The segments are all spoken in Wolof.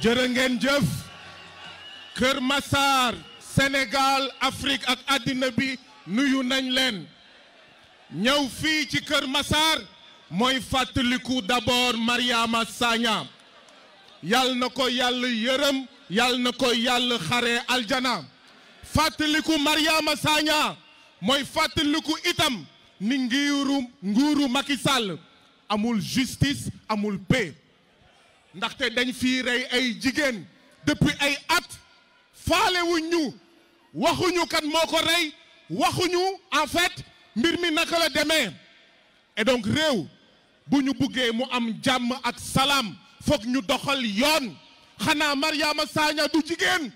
jërë ngeen jëf Kër Massar Sénégal Afrique ak àddina bi nuyu nañ leen ñëw fii ci Kër Massar mooy fàttaliku d'abord Mariama Sagna yal na ko yàll yërëm yal na ko yàlla xare aljana fàttaliku Mariama Sagna mooy fàttaliku itam ni ngiiru nguuru Macky amul justice amul paix ndaxte dañ fi rey ay jigéen depuis ay at faalewuñ ñu waxuñu kan moo ko rey waxuñu en fait mbir mi naka la demee et donc réew bu ñu buggee mu am jàmm ak salaam foog ñu doxal yoon xanaa Mariama Sagna du jigéen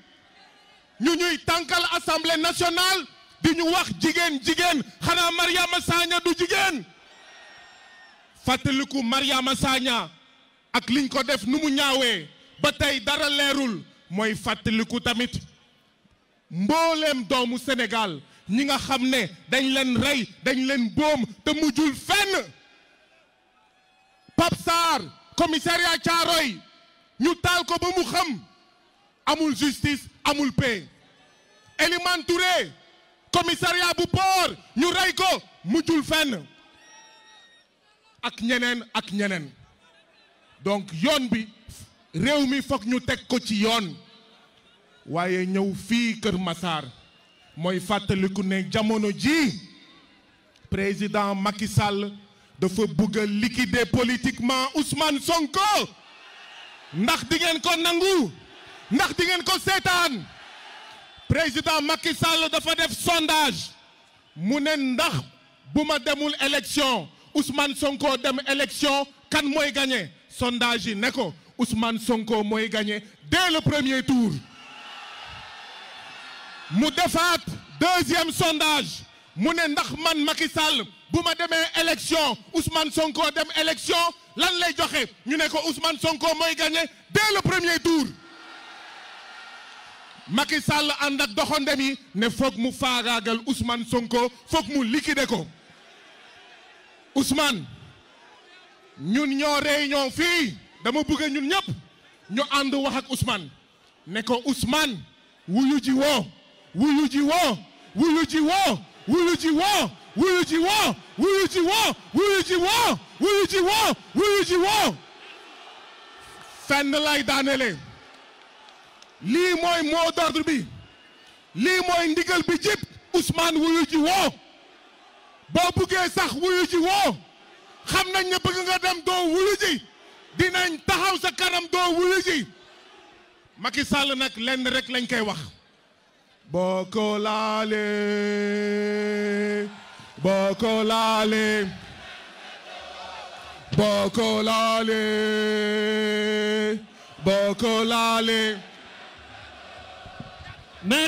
ñu ñuy tànkal assemblée nationale di ñu wax jigéen jigéen xanaa Mariama Sagna du jigéen fàttaliku Mariama Sagna ak liñ ko def nu mu ñaawee ba tey dara leerul mooy fàttaliku tamit mbooleem doomu senegaal ñi nga xam ne dañ leen rey dañ leen boom te mujjul fenn Pape Sarr commissariat Thiaroye ñu taal ko ba mu xam amul justice amul paix Elimane Touré bu port ñu rey ko mujjul fenn ak ñeneen ak ñeneen donc yoon bi réew mi foog ñu teg ko ci yoon waaye ñëw fii Kër masaar mooy fàttaliku ne jamono ji président Macky Sall dafa bëgg a liquider politiquement Ousmane Sonko ndax dingeen ko nangu ndax dingeen ko seetaan président Macky dafa def sondage mu ne ndax bu ma demul élection Ousmane Sonko dem élection kan mooy gagné sondage yi ne ko Ousmane Sonko mooy gagné dès le premier tour mu defaat deuxième sondage mu ne ndax man Macky Sall bu ma demee élection Ousmane Sonko dem élection lan lay joxe ñu ne ko Ousmane Sonko mooy gagné dès le premier tour Macky Sall ànd ak doxande yi ne foog mu faagaagal Ousmane Sonko foog mu liquider ko Ousmane ñun ñoo réunion fii dama bëgg ñun ñëpp ñu ànd wax ak Ousmane ne ko usmaan wuyu ci woo wuyu ci woo wuyu ji woo wuyu ji woo wuyu ji woo wuyu ji woo wuyu ji woo fenn lay daanele lii mooy mot d'ordre bi lii mooy ndigal bi jip Ousmane wuyu ji woo boo buggee sax wuyu ji woo xam nañ ne bëgg nga dem doo wulu ji dinañ taxaw sa kanam doo wulu ji Macky Sall nag lenn rek lañ koy wax boo ko laalee boo ko laalee